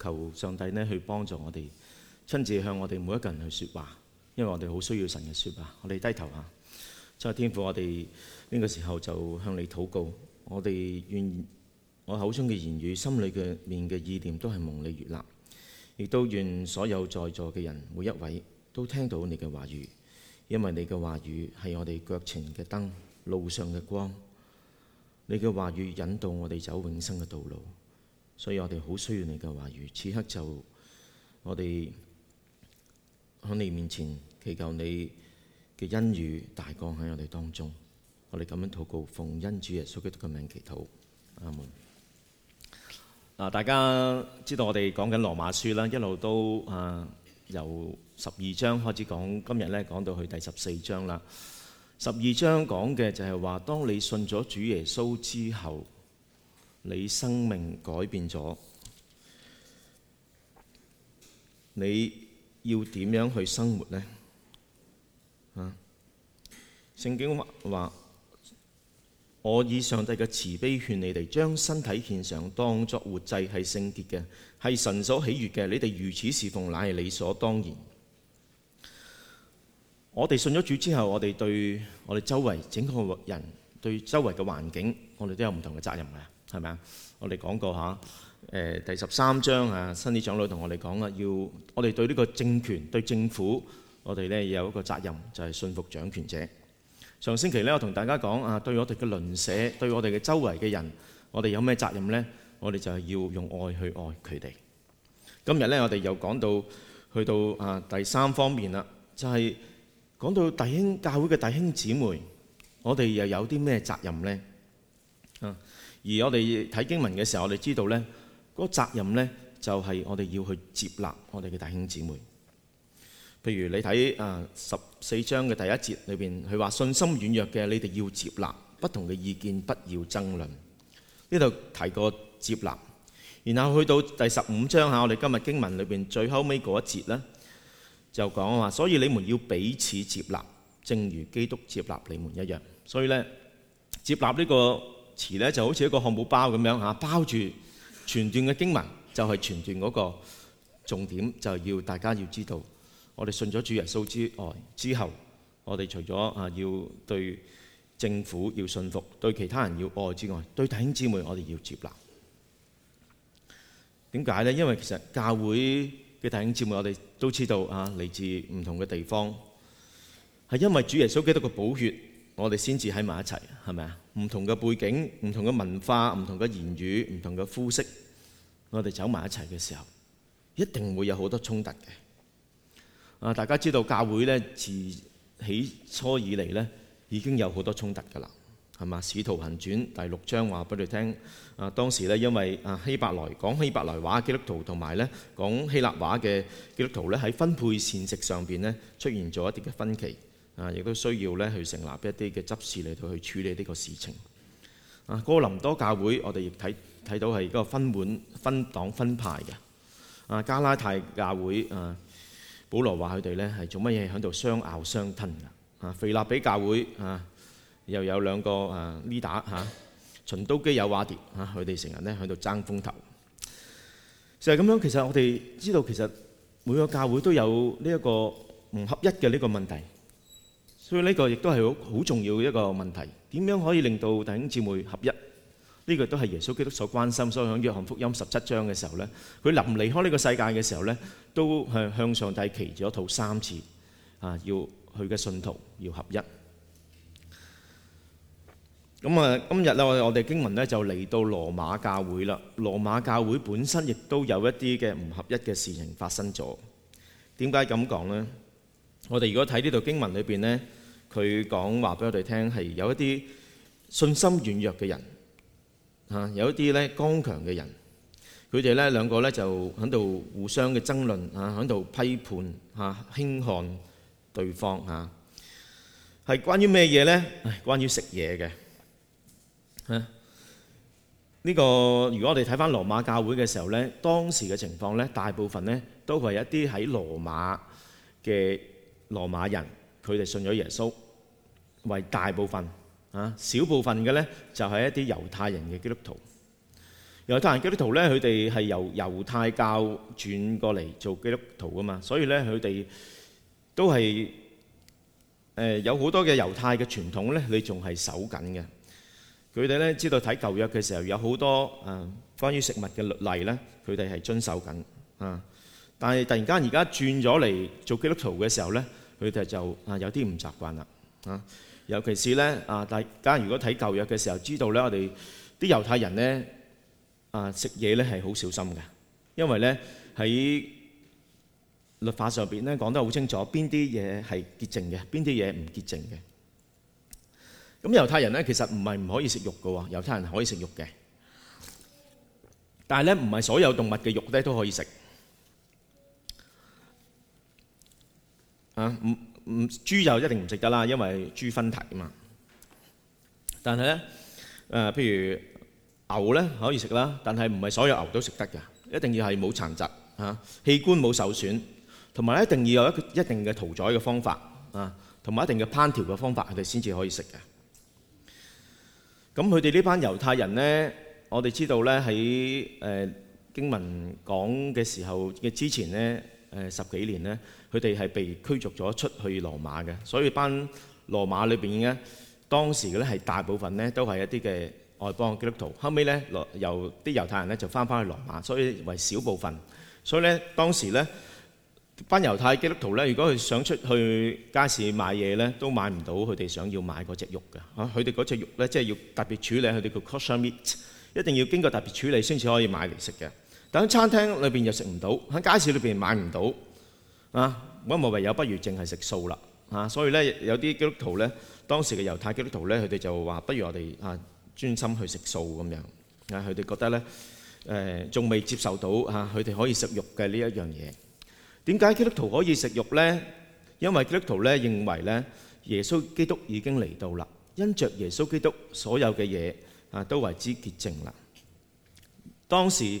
求上帝呢去幫助我哋，親自向我哋每一個人去說話，因為我哋好需要神嘅說話。我哋低頭下，在天父，我，我哋呢個時候就向你禱告。我哋願我口中嘅言語、心裏嘅面嘅意念都係蒙你悅納，亦都願所有在座嘅人每一位都聽到你嘅話語，因為你嘅話語係我哋腳前嘅燈、路上嘅光，你嘅話語引導我哋走永生嘅道路。所以我哋好需要你嘅話語，此刻就我哋喺你面前祈求你嘅恩雨大降喺我哋當中，我哋咁樣禱告，奉恩主耶穌基督嘅名祈禱，阿門。嗱，大家知道我哋講緊羅馬書啦，一路都啊由十二章開始講，今日咧講到去第十四章啦。十二章講嘅就係話，當你信咗主耶穌之後。你生命改變咗，你要點樣去生活呢？啊！聖經話：我以上帝嘅慈悲勸你哋，將身體獻上，當作活祭，係聖潔嘅，係神所喜悅嘅。你哋如此侍奉，乃係理所當然。我哋信咗主之後，我哋對我哋周圍整個人，對周圍嘅環境，我哋都有唔同嘅責任㗎。係咪啊？我哋講過嚇，誒第十三章啊，新啲長老同我哋講啦，要我哋對呢個政權、對政府，我哋咧有一個責任，就係信服掌權者。上星期咧，我同大家講啊，對我哋嘅鄰舍，對我哋嘅周圍嘅人，我哋有咩責任咧？我哋就係要用愛去愛佢哋。今日咧，我哋又講到去到啊第三方面啦，就係講到弟兄教會嘅弟兄姊妹，我哋又有啲咩責任咧？而我哋睇經文嘅時候，我哋知道呢嗰、嗰個責任呢，就係、係、我哋要去接納我哋嘅弟兄姊妹。譬如你睇啊十四章嘅第一節裏邊，佢話信心軟弱嘅，你哋要接納；不同嘅意見，不要爭論。呢度提過接納，然後去到第十五章嚇，我哋今日經文裏邊最後尾嗰一節呢，就講話，所以你們要彼此接納，正如基督接納你們一樣。所以呢，接納呢、呢個詞咧就好似一個漢堡包咁樣嚇，包住全段嘅經文就係全段嗰個重點，就係要大家要知道，我哋信咗主耶穌之外之後，我哋除咗啊要對政府要信服，對其他人要愛之外，對弟兄姊妹我哋要接納。點解呢？因為其實教會嘅弟兄姊妹我哋都知道嚇，嚟自唔同嘅地方，係因為主耶穌基督嘅寶血。我哋先至喺埋一齊，係咪啊？唔同嘅背景、唔同嘅文化、唔同嘅言語、唔同嘅膚色，我哋走埋一齊嘅時候，一定會有好多衝突嘅。啊，大家知道教會咧自起初以嚟咧已經有好多衝突㗎喇，係嘛？《使徒行傳》第六章話俾你聽，啊當時咧因為啊希伯來講希伯來話，基督徒同埋咧講希臘話嘅基督徒咧喺分配膳食上邊咧出現咗一啲嘅分歧。啊！亦都需要咧去成立一啲嘅執事嚟到去處理呢個事情。啊！哥林多教會，我哋亦睇睇到係嗰個分門分黨分派嘅。啊！加拉太教會啊，保羅話佢哋咧係做乜嘢喺度相咬相吞㗎。啊！腓立比教會啊，又有兩個啊 leader 嚇，循都基、友阿爹嚇，佢哋成日咧喺度爭風頭。就係咁樣，其實我哋知道，其實每個教會都有呢一個唔合一嘅呢個問題。所以呢個亦都係好重要嘅一個問題，點樣可以令到弟兄姊妹合一？呢個都係耶穌基督所關心，所以響約翰福音十七章嘅時候咧，佢臨離開呢個世界嘅時候咧，都係向上帝祈咗禱三次啊，要佢嘅信徒要合一。咁啊，今日咧我我哋經文咧就嚟到羅馬教會啦。羅馬教會本身亦都有一啲嘅唔合一嘅事情發生咗。點解咁講咧？我哋如果睇呢度經文裏邊咧。佢講話俾我哋聽係有一啲信心軟弱嘅人嚇，有一啲咧剛強嘅人，佢哋咧兩個咧就喺度互相嘅爭論嚇，喺度批判嚇、輕看對方嚇，係關於咩嘢咧？關於食嘢嘅嚇。呢個如果我哋睇返羅馬教會嘅時候咧，當時嘅情況咧，大部分咧都係一啲喺羅馬嘅羅馬人。佢哋信咗耶穌，為大部分啊，小部分嘅咧就係一啲猶太人嘅基督徒。猶太人基督徒咧，佢哋係由猶太教轉過嚟做基督徒㗎嘛，所以咧佢哋都係誒有好多嘅猶太嘅傳統咧，你仲係守緊嘅。佢哋咧知道睇舊約嘅時候，有好多啊關於食物嘅律例咧，佢哋係遵守緊啊。但係突然間而家轉咗嚟做基督徒嘅時候咧。佢哋就啊有啲唔習慣啦，啊尤其是咧啊，大家如果睇舊約嘅時候，知道咧我哋啲猶太人咧啊食嘢咧係好小心嘅，因為咧喺律法上邊咧講得好清楚，邊啲嘢係潔淨嘅，邊啲嘢唔潔淨嘅。咁猶太人咧其實唔係唔可以食肉㗎喎，猶太人係可以食肉嘅，但係咧唔係所有動物嘅肉咧都可以食。嚇，唔唔，豬就一定唔食得啦，因為豬分蹄嘛。但係咧，誒，譬如牛咧可以食啦，但係唔係所有牛都食得嘅，一定要係冇殘疾嚇，器官冇受損，同埋咧一定要有一一定嘅屠宰嘅方法啊，同埋一定嘅烹調嘅方法，佢哋先至可以食嘅。咁佢哋呢班猶太人咧，我哋知道咧喺誒經文講嘅時候嘅之前咧。誒十幾年咧，佢哋係被驅逐咗出去羅馬嘅，所以班羅馬裏邊咧，當時嘅咧係大部分咧都係一啲嘅外邦基督徒。後尾咧，羅由啲猶太人咧就翻返去羅馬，所以為少部分。所以咧，當時咧，班猶太基督徒咧，如果佢想出去街市買嘢咧，都買唔到佢哋想要買嗰隻肉嘅。嚇，佢哋嗰隻肉咧，即係要特別處理，佢哋叫 kosher meat，一定要經過特別處理先至可以買嚟食嘅。等餐廳裏邊又食唔到，喺街市裏邊買唔到啊！咁無唯有不如淨係食素啦嚇。所以咧，有啲基督徒咧，當時嘅猶太基督徒咧，佢哋就話：不如我哋啊，專心去食素咁樣啊！佢哋覺得咧，誒仲未接受到嚇佢哋可以食肉嘅呢一樣嘢。點解基督徒可以食肉咧？因為基督徒咧認為咧，耶穌基督已經嚟到啦，因著耶穌基督，所有嘅嘢啊都為之潔淨啦。當時。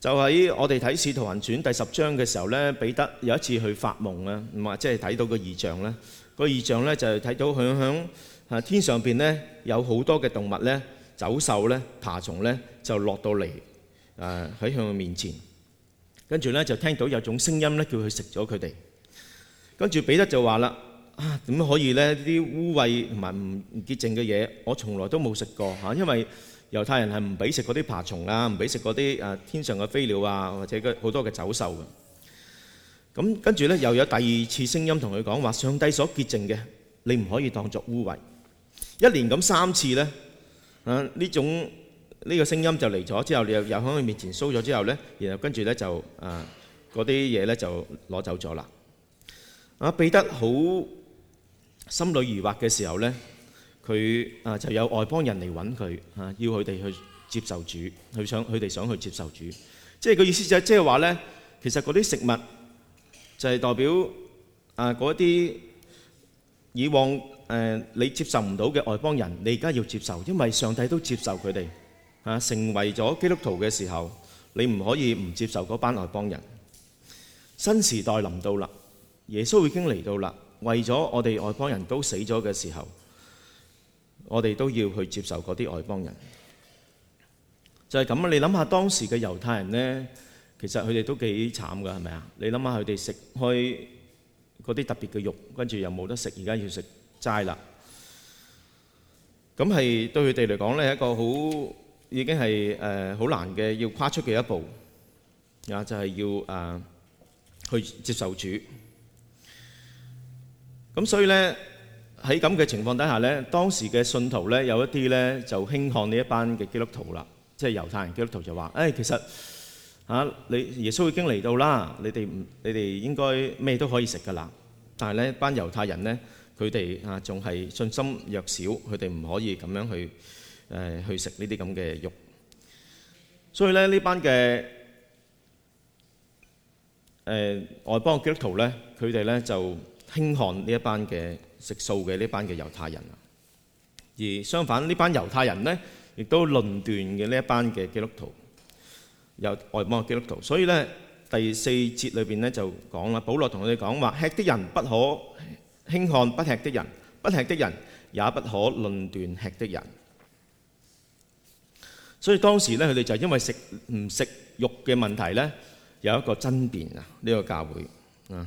就喺我哋睇《使徒行傳》第十章嘅時候咧，彼得有一次去發夢啊，唔係即係睇到個異象咧。個異象咧就係睇到響響啊天上邊咧有好多嘅動物咧、走獸咧、爬蟲咧就落到嚟，誒喺佢面前。跟住咧就聽到有種聲音咧叫佢食咗佢哋。跟住彼得就話啦：啊，點可以咧？呢啲污穢同埋唔潔淨嘅嘢，我從來都冇食過嚇，因為。猶太人係唔俾食嗰啲爬蟲啊，唔俾食嗰啲誒天上嘅飛鳥啊，或者嘅好多嘅走獸嘅。咁跟住咧又有第二次聲音同佢講話，上帝所潔淨嘅，你唔可以當作污穢。一連咁三次咧，啊呢種呢個聲音就嚟咗之後，又又喺佢面前掃咗之後咧，然後跟住咧就啊嗰啲嘢咧就攞走咗啦。啊彼得好心裏疑惑嘅時候咧。佢啊，就有外邦人嚟揾佢啊，要佢哋去接受主，佢想佢哋想去接受主，即係個意思就即係話咧。其實嗰啲食物就係代表啊，嗰啲以往誒你接受唔到嘅外邦人，你而家要接受，因為上帝都接受佢哋啊，成為咗基督徒嘅時候，你唔可以唔接受嗰班外邦人。新時代臨到啦，耶穌已經嚟到啦，為咗我哋外邦人都死咗嘅時候。我哋都要去接受嗰啲外邦人，就係咁啊！你諗下當時嘅猶太人咧，其實佢哋都幾慘噶，係咪啊？你諗下佢哋食開嗰啲特別嘅肉，跟住又冇得食，而家要食齋啦。咁係對佢哋嚟講咧，係一個好已經係誒好難嘅要跨出嘅一步，也就係要誒去接受主。咁所以咧。喺咁嘅情況底下咧，當時嘅信徒咧有一啲咧就輕看呢一班嘅基督徒啦，即係猶太人基督徒就話：誒、哎、其實吓你耶穌已經嚟到啦，你哋唔你哋應該咩都可以食噶啦。但係咧，班猶太人咧，佢哋吓仲係信心弱少，佢哋唔可以咁樣去誒、呃、去食呢啲咁嘅肉。所以咧，呢班嘅誒外邦基督徒咧，佢哋咧就。輕看呢一班嘅食素嘅呢一班嘅猶太人啦，而相反呢班猶太人咧，亦都論斷嘅呢一班嘅基督徒，有外邦嘅基督徒。所以咧，第四節裏邊咧就講啦，保羅同我哋講話：吃的人不可輕看不吃的人，不吃的人也不可論斷吃的人。所以當時咧，佢哋就因為食唔食肉嘅問題咧，有一個爭辯啊！呢個教會啊。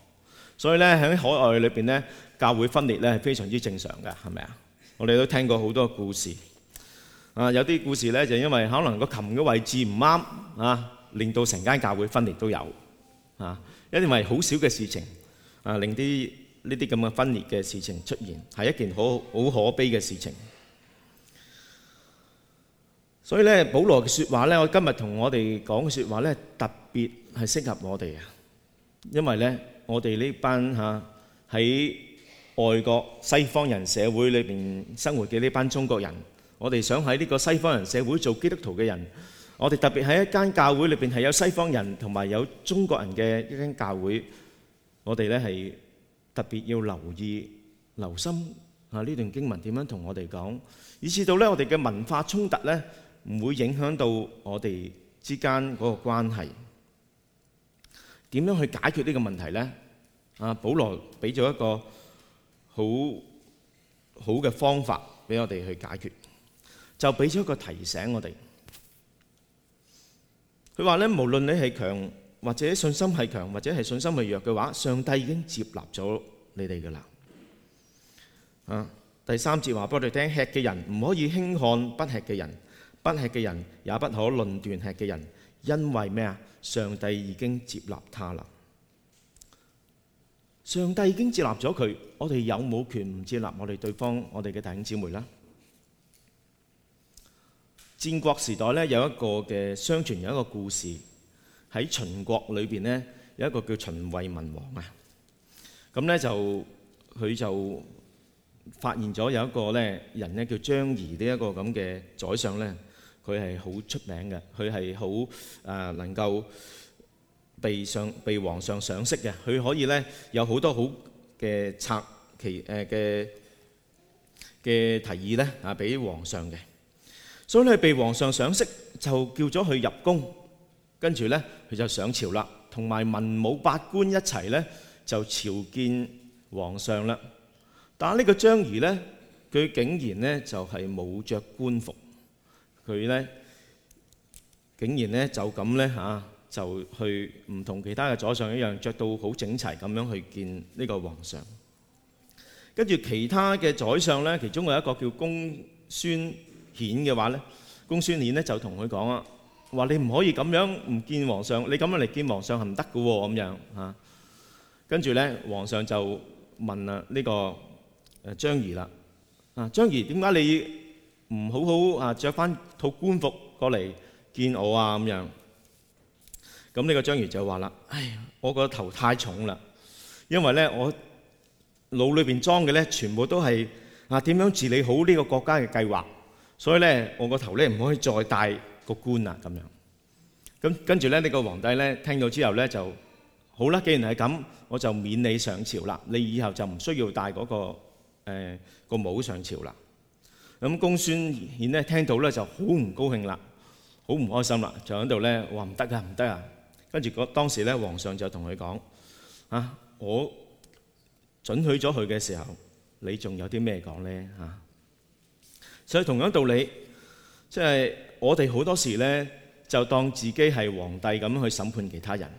所以咧喺海外裏邊咧，教會分裂咧係非常之正常嘅，係咪啊？我哋都聽過好多故事啊。有啲故事咧就因為可能個琴嘅位置唔啱啊，令到成間教會分裂都有啊。因為好少嘅事情啊，令啲呢啲咁嘅分裂嘅事情出現係一件好好可悲嘅事情。所以咧，保羅嘅説話咧，我今日同我哋講嘅説話咧，特別係適合我哋啊，因為咧，我哋呢班嚇喺外國西方人社會裏邊生活嘅呢班中國人，我哋想喺呢個西方人社會做基督徒嘅人，我哋特別喺一間教會裏邊係有西方人同埋有中國人嘅一間教會，我哋咧係特別要留意、留心啊呢段經文點樣同我哋講，以至到咧我哋嘅文化衝突咧唔會影響到我哋之間嗰個關係，點樣去解決呢個問題咧？啊！保羅俾咗一個好好嘅方法俾我哋去解決，就俾咗一個提醒我哋。佢話咧：無論你係強或者信心係強，或者係信心係弱嘅話，上帝已經接納咗你哋㗎喇。啊！第三節話俾我哋聽：吃嘅人唔可以輕看不吃嘅人，不吃嘅人也不可論斷吃嘅人，因為咩啊？上帝已經接納他喇。上帝已經接納咗佢，我哋有冇權唔接納我哋對方、我哋嘅弟兄姊妹咧？戰國時代咧，有一個嘅，相傳有一個故事，喺秦國裏邊咧，有一個叫秦惠文王啊，咁咧，就佢就發現咗有一個咧人咧叫張儀呢一個咁嘅宰相咧，佢係好出名嘅，佢係好啊能夠。被上被皇上賞識嘅，佢可以咧有好多好嘅策其誒嘅嘅提議咧啊，俾皇上嘅。所以咧被皇上賞識，就叫咗佢入宮，跟住咧佢就上朝啦，同埋文武百官一齊咧就朝見皇上啦。但係呢個張儀咧，佢竟然咧就係冇著官服，佢咧竟然咧就咁咧嚇。就去唔同其他嘅宰相一樣，著到好整齊咁樣去見呢個皇上。跟住其他嘅宰相咧，其中有一個叫公孫顯嘅話咧，公孫顯咧就同佢講啊，話你唔可以咁樣唔見皇上，你咁樣嚟見皇上係唔得噶喎，咁樣嚇。跟住咧，皇上就問啊呢個誒張儀啦，啊張儀點解你唔好好啊著翻套官服過嚟見我啊咁樣？咁呢個張儀就話啦：唉，我個頭太重啦，因為咧我腦裏邊裝嘅咧全部都係啊點樣治理好呢個國家嘅計劃，所以咧我個頭咧唔可以再戴個冠啊咁樣。咁，跟住咧呢個皇帝咧聽到之後咧就：好啦，既然係咁，我就免你上朝啦，你以後就唔需要戴嗰個誒個帽上朝啦。咁公孫衍咧聽到咧就好唔高興啦，好唔開心啦，就喺度咧話唔得呀，唔得啊！跟住嗰當時咧，皇上就同佢講：啊，我准許咗佢嘅時候，你仲有啲咩講咧？啊！所以同樣道理，即係我哋好多時咧，就當自己係皇帝咁去審判其他人，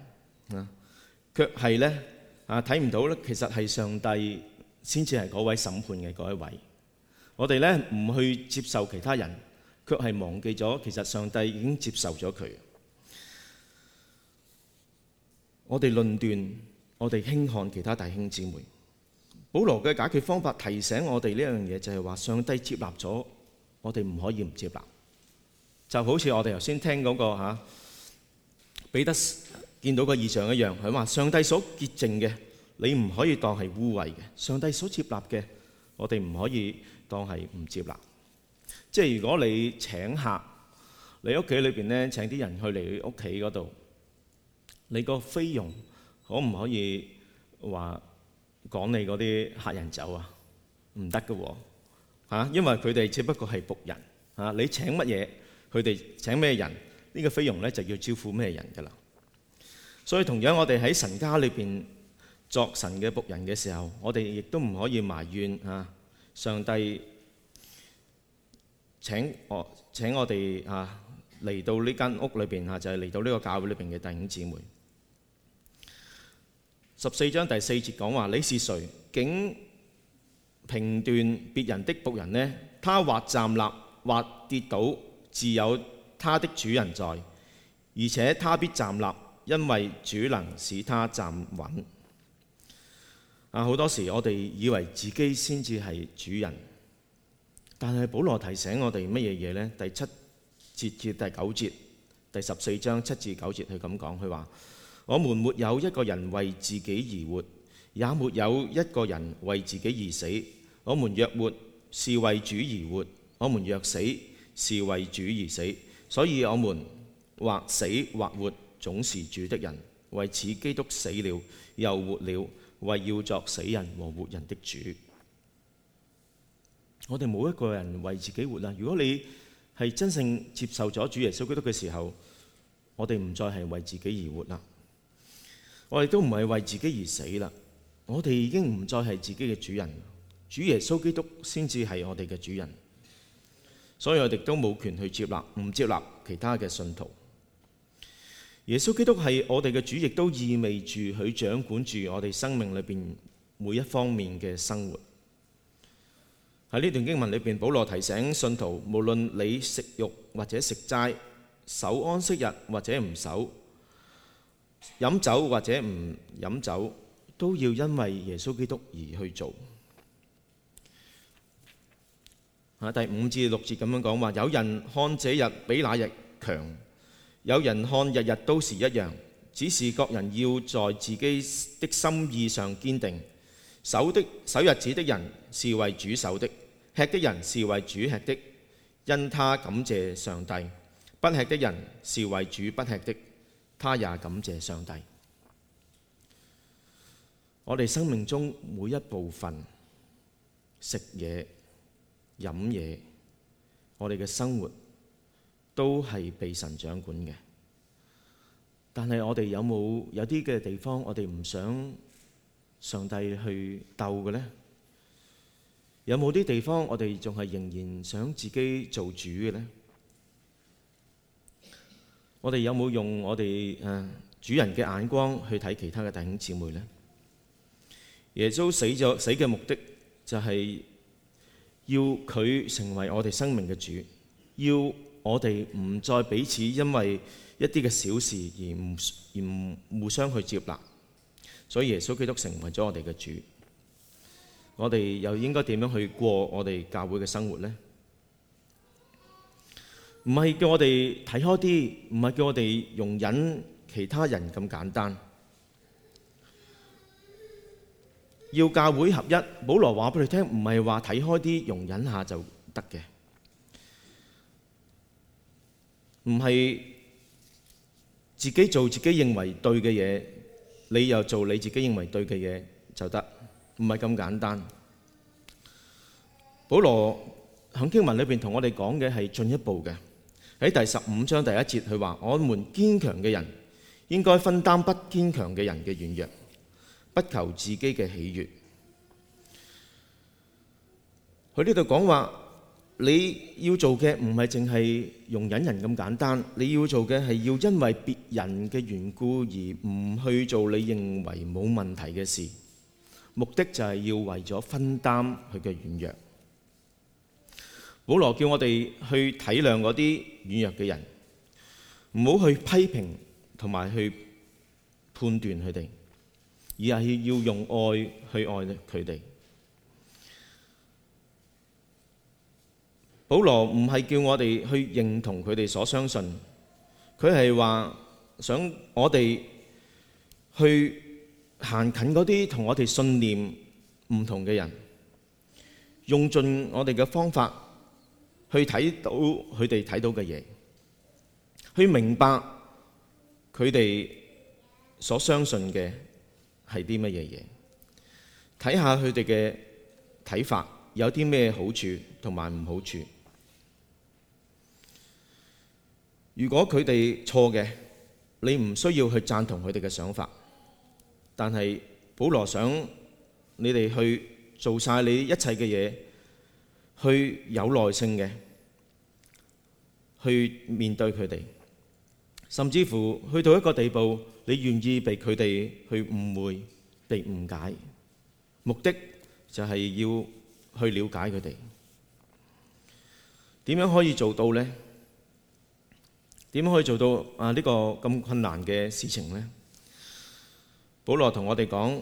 啊，卻係咧啊睇唔到咧，其實係上帝先至係嗰位審判嘅嗰一位。我哋咧唔去接受其他人，卻係忘記咗其實上帝已經接受咗佢。我哋論斷，我哋輕看其他弟兄姊妹。保羅嘅解決方法提醒我哋呢樣嘢，就係話上帝接納咗，我哋唔可以唔接納。就好似我哋頭先聽嗰個嚇彼得見到個異象一樣，佢話上帝所潔淨嘅，你唔可以當係污穢嘅；上帝所接納嘅，我哋唔可以當係唔接納。即係如果你請客，你屋企裏邊咧，請啲人去你屋企嗰度。你個菲傭可唔可以話趕你嗰啲客人走啊？唔得噶，吓，因為佢哋只不過係僕人。吓，你請乜嘢，佢哋請咩人？呢個菲傭咧就要招呼咩人噶啦。所以同樣，我哋喺神家裏邊作神嘅僕人嘅時候，我哋亦都唔可以埋怨啊！上帝請我請我哋吓，嚟到呢間屋裏邊吓，就係嚟到呢個教會裏邊嘅弟兄姊妹。十四章第四節講話：你是誰，竟評斷別人的僕人呢？他或站立，或跌倒，自有他的主人在，而且他必站立，因為主能使他站穩。啊，好多時我哋以為自己先至係主人，但係保羅提醒我哋乜嘢嘢呢？第七節至第九節，第十四章七至九節，佢咁講，佢話：我們沒有一個人為自己而活，也沒有一個人為自己而死。我們若活是為主而活，我們若死是為主而死。所以，我們或死或活，總是主的人。為此，基督死了又活了，為要作死人和活人的主。我哋冇一個人為自己活啦。如果你係真正接受咗主耶穌基督嘅時候，我哋唔再係為自己而活啦。我哋都唔係為自己而死啦，我哋已經唔再係自己嘅主人，主耶穌基督先至係我哋嘅主人，所以我哋都冇權去接納，唔接納其他嘅信徒。耶穌基督係我哋嘅主，亦都意味住佢掌管住我哋生命裏邊每一方面嘅生活。喺呢段經文裏邊，保羅提醒信徒，無論你食肉或者食齋，守安息日或者唔守，飲酒或者唔飲酒，都要因為耶穌基督而去做。啊，第五至六節咁樣講話：有人看這日比那日強，有人看日日都是一樣，只是各人要在自己的心意上堅定。守的守日子的人是為主守的，吃的人是為主吃的，因他感謝上帝；不吃的人是為主不吃的。他也感謝上帝。我哋生命中每一部分，食嘢、飲嘢，我哋嘅生活都係被神掌管嘅。但係我哋有冇有啲嘅地方，我哋唔想上帝去鬥嘅呢？有冇啲地方，我哋仲係仍然想自己做主嘅呢？我哋有冇用我哋誒主人嘅眼光去睇其他嘅弟兄姊妹呢？耶穌死咗，死嘅目的就係要佢成為我哋生命嘅主，要我哋唔再彼此因為一啲嘅小事而唔互相去接納。所以耶穌基督成為咗我哋嘅主，我哋又應該點樣去過我哋教會嘅生活呢？唔係叫我哋睇開啲，唔係叫我哋容忍其他人咁簡單。要教會合一，保羅話俾你聽，唔係話睇開啲容忍下就得嘅。唔係自己做自己認為對嘅嘢，你又做你自己認為對嘅嘢就得，唔係咁簡單。保羅喺經文裏邊同我哋講嘅係進一步嘅。喺第十五章第一節，佢話：我們堅強嘅人應該分擔不堅強嘅人嘅軟弱，不求自己嘅喜悅。佢呢度講話，你要做嘅唔係淨係容忍人咁簡單，你要做嘅係要因為別人嘅緣故而唔去做你認為冇問題嘅事，目的就係要為咗分擔佢嘅軟弱。保羅叫我哋去體諒嗰啲軟弱嘅人，唔好去批評同埋去判斷佢哋，而係要用愛去愛佢哋。保羅唔係叫我哋去認同佢哋所相信，佢係話想我哋去行近嗰啲同我哋信念唔同嘅人，用盡我哋嘅方法。去睇到佢哋睇到嘅嘢，去明白佢哋所相信嘅係啲乜嘢嘢，睇下佢哋嘅睇法有啲咩好處同埋唔好處。如果佢哋錯嘅，你唔需要去贊同佢哋嘅想法，但係保羅想你哋去做晒你一切嘅嘢。去有耐性嘅，去面對佢哋，甚至乎去到一個地步，你願意被佢哋去誤會、被誤解，目的就係要去了解佢哋。點樣可以做到呢？點樣可以做到啊？呢個咁困難嘅事情呢？保羅同我哋講，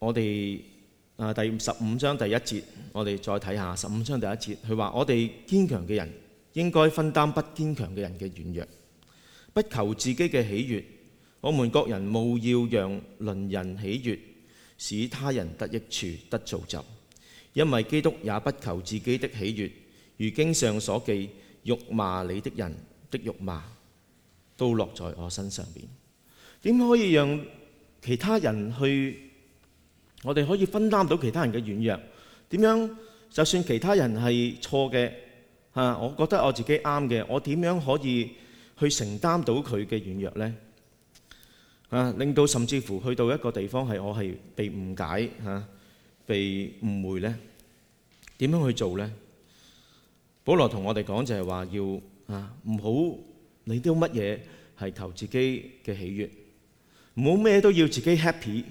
我哋。啊！第十五章第一節，我哋再睇下十五章第一節，佢話我哋堅強嘅人應該分擔不堅強嘅人嘅軟弱，不求自己嘅喜悅。我們各人務要讓鄰人喜悦，使他人得益處得造就。因為基督也不求自己的喜悦。如經上所記，辱罵你的人的辱罵都落在我身上邊。點可以讓其他人去？我哋可以分擔到其他人嘅軟弱，點樣就算其他人係錯嘅嚇，我覺得我自己啱嘅，我點樣可以去承擔到佢嘅軟弱呢？嚇，令到甚至乎去到一個地方係我係被誤解嚇、被誤會呢，點樣去做呢？保羅同我哋講就係話要嚇唔好理啲乜嘢係求自己嘅喜悅，唔好咩都要自己 happy。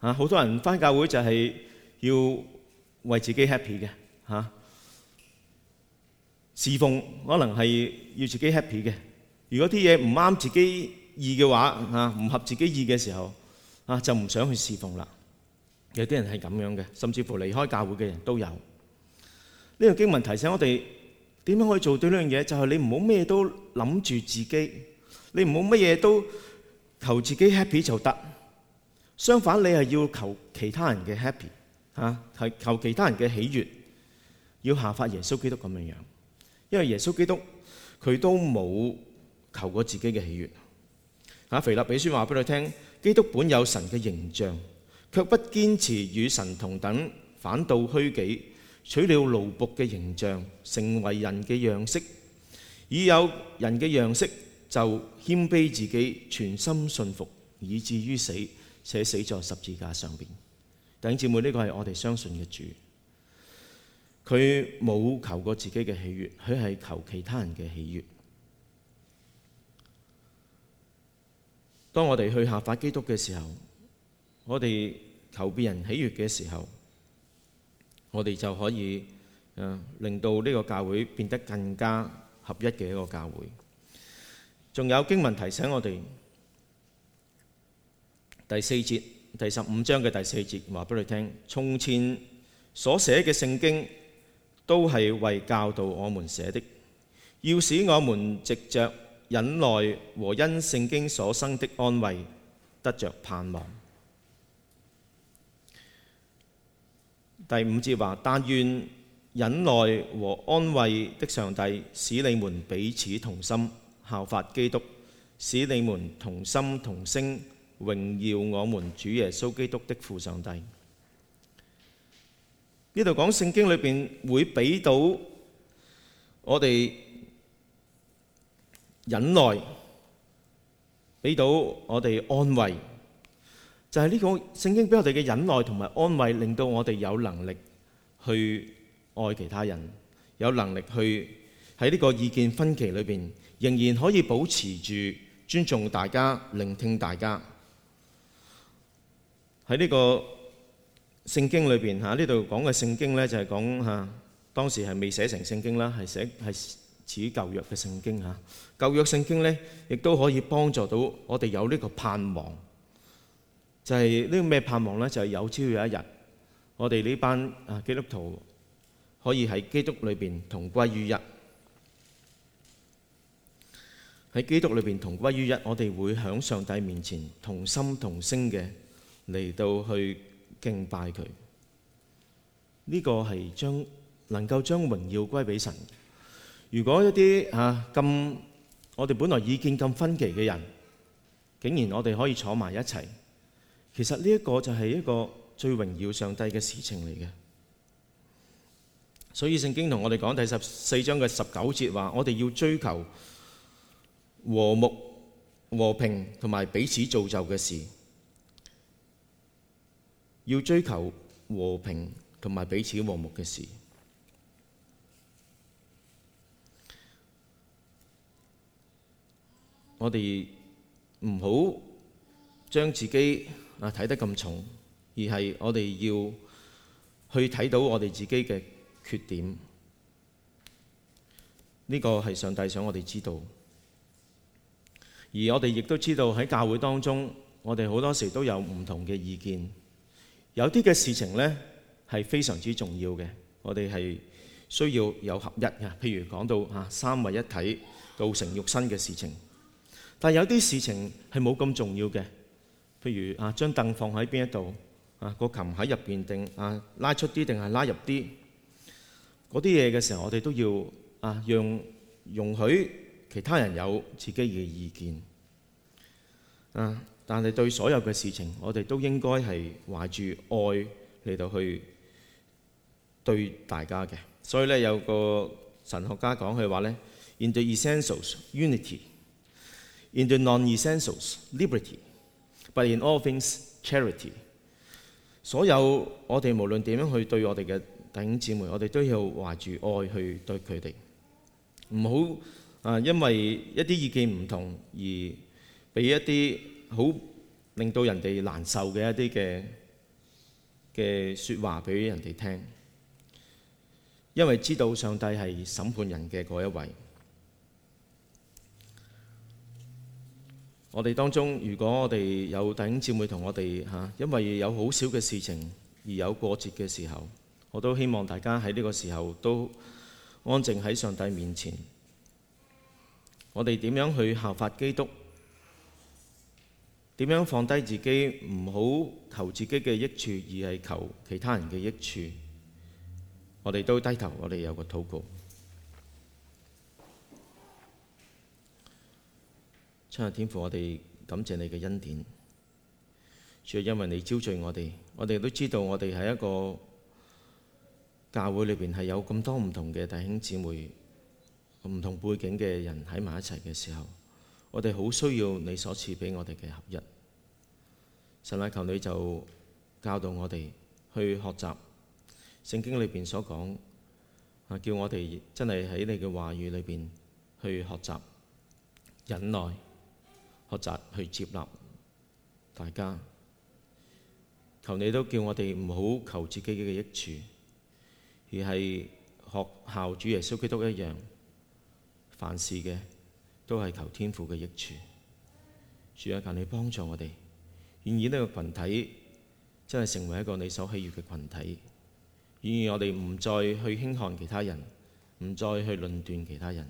啊！好多人翻教會就係要為自己 happy 嘅，吓，侍奉可能係要自己 happy 嘅。如果啲嘢唔啱自己意嘅話，吓，唔合自己意嘅時候，啊，就唔想去侍奉啦。有啲人係咁樣嘅，甚至乎離開教會嘅人都有。呢個經文提醒我哋，點樣可以做到呢樣嘢？就係你唔好咩都諗住自己，你唔好乜嘢都求自己 happy 就得。相反，你係要求其他人嘅 happy 吓，係求其他人嘅喜悅，要下發耶穌基督咁樣樣，因為耶穌基督佢都冇求過自己嘅喜悅嚇。腓立比書話俾你聽，基督本有神嘅形象，卻不堅持與神同等，反倒虛己，取了奴僕嘅形象，成為人嘅樣式。以有人嘅樣式，就謙卑自己，全心信服，以至於死。且死在十字架上邊。弟兄姊妹，呢個係我哋相信嘅主，佢冇求過自己嘅喜悦，佢係求其他人嘅喜悦。當我哋去效法基督嘅時候，我哋求別人喜悦嘅時候，我哋就可以誒令到呢個教會變得更加合一嘅一個教會。仲有經文提醒我哋。第四節，第十五章嘅第四節話俾你聽，從前所寫嘅聖經都係為教導我們寫的，要使我們藉着忍耐和因聖經所生的安慰得着盼望。第五節話：但願忍耐和安慰的上帝使你們彼此同心，效法基督，使你們同心同聲。榮耀我們主耶穌基督的父上帝。呢度講聖經裏邊會俾到我哋忍耐，俾到我哋安慰。就係、是、呢個聖經俾我哋嘅忍耐同埋安慰，令到我哋有能力去愛其他人，有能力去喺呢個意見分歧裏邊，仍然可以保持住尊重大家，聆聽大家。喺呢個聖經裏邊嚇，呢度講嘅聖經咧，就係講嚇當時係未寫成聖經啦，係寫係似舊約嘅聖經嚇。舊約聖經咧亦都可以幫助到我哋有呢個盼望，就係呢個咩盼望咧？就係有朝有一日，我哋呢班啊基督徒可以喺基督裏邊同歸於一，喺基督裏邊同歸於一，我哋會喺上帝面前同心同聲嘅。嚟到去敬拜佢，呢個係將能夠將榮耀歸俾神。如果一啲嚇咁，我哋本來意見咁分歧嘅人，竟然我哋可以坐埋一齊，其實呢一個就係一個最榮耀上帝嘅事情嚟嘅。所以聖經同我哋講第十四章嘅十九節話，我哋要追求和睦、和平同埋彼此造就嘅事。要追求和平同埋彼此和睦嘅事，我哋唔好將自己啊睇得咁重，而係我哋要去睇到我哋自己嘅缺點。呢個係上帝想我哋知道，而我哋亦都知道喺教會當中，我哋好多時都有唔同嘅意見。有啲嘅事情呢係非常之重要嘅，我哋係需要有合一嘅。譬如講到嚇三位一體、道成肉身嘅事情，但有啲事情係冇咁重要嘅，譬如啊將凳放喺邊一度啊，個琴喺入邊定啊拉出啲定係拉入啲嗰啲嘢嘅時候，我哋都要啊讓容許其他人有自己嘅意見啊。但係對所有嘅事情，我哋都應該係懷住愛嚟到去對大家嘅。所以咧，有個神學家講佢話咧，In the essentials unity，in the non-essentials liberty，but in all things charity。所有我哋無論點樣去對我哋嘅弟兄姊妹，我哋都要懷住愛去對佢哋。唔好啊，因為一啲意見唔同而俾一啲。好令到人哋難受嘅一啲嘅嘅說話俾人哋聽，因為知道上帝係審判人嘅嗰一位。我哋當中，如果我哋有弟兄姊妹同我哋吓，因為有好少嘅事情而有過節嘅時候，我都希望大家喺呢個時候都安靜喺上帝面前。我哋點樣去效法基督？點樣放低自己？唔好求自己嘅益處，而係求其他人嘅益處。我哋都低頭，我哋有個禱告。親愛天父，我哋感謝你嘅恩典，主要因為你招聚我哋。我哋都知道，我哋係一個教會裏面係有咁多唔同嘅弟兄姊妹、唔同背景嘅人喺埋一齊嘅時候。我哋好需要你所賜俾我哋嘅合一，神啊，求你就教導我哋去學習聖經裏邊所講，叫我哋真係喺你嘅話語裏邊去學習忍耐，學習去接納大家。求你都叫我哋唔好求自己嘅益處，而係學效主耶穌基督一樣凡事嘅。都係求天父嘅益處，主啊！求你幫助我哋，願意呢個群體真係成為一個你所喜悅嘅群體，願意我哋唔再去輕看其他人，唔再去論斷其他人。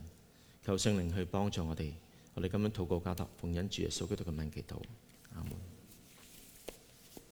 求聖靈去幫助我哋，我哋咁樣禱告交託，奉恩主耶穌基督嘅名祈禱。阿門。